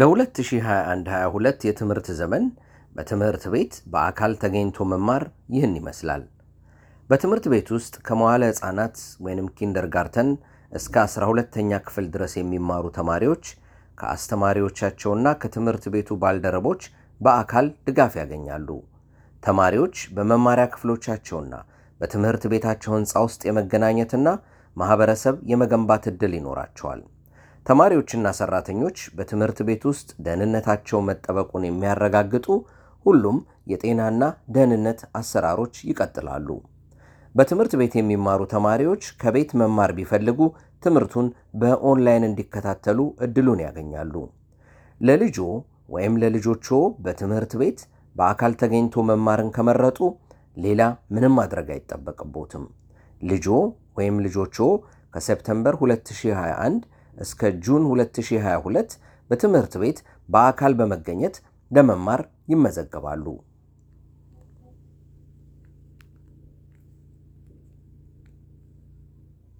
ለ2021-22 የትምህርት ዘመን በትምህርት ቤት በአካል ተገኝቶ መማር ይህን ይመስላል። በትምህርት ቤት ውስጥ ከመዋለ ሕፃናት ወይም ኪንደርጋርተን እስከ 12ተኛ ክፍል ድረስ የሚማሩ ተማሪዎች ከአስተማሪዎቻቸውና ከትምህርት ቤቱ ባልደረቦች በአካል ድጋፍ ያገኛሉ። ተማሪዎች በመማሪያ ክፍሎቻቸውና በትምህርት ቤታቸው ሕንፃ ውስጥ የመገናኘትና ማኅበረሰብ የመገንባት ዕድል ይኖራቸዋል። ተማሪዎችና ሰራተኞች በትምህርት ቤት ውስጥ ደህንነታቸው መጠበቁን የሚያረጋግጡ ሁሉም የጤናና ደህንነት አሰራሮች ይቀጥላሉ። በትምህርት ቤት የሚማሩ ተማሪዎች ከቤት መማር ቢፈልጉ ትምህርቱን በኦንላይን እንዲከታተሉ እድሉን ያገኛሉ። ለልጆ ወይም ለልጆችዎ በትምህርት ቤት በአካል ተገኝቶ መማርን ከመረጡ ሌላ ምንም ማድረግ አይጠበቅቦትም። ልጆ ወይም ልጆችዎ ከሴፕተምበር 2021 እስከ ጁን 2022 በትምህርት ቤት በአካል በመገኘት ለመማር ይመዘገባሉ።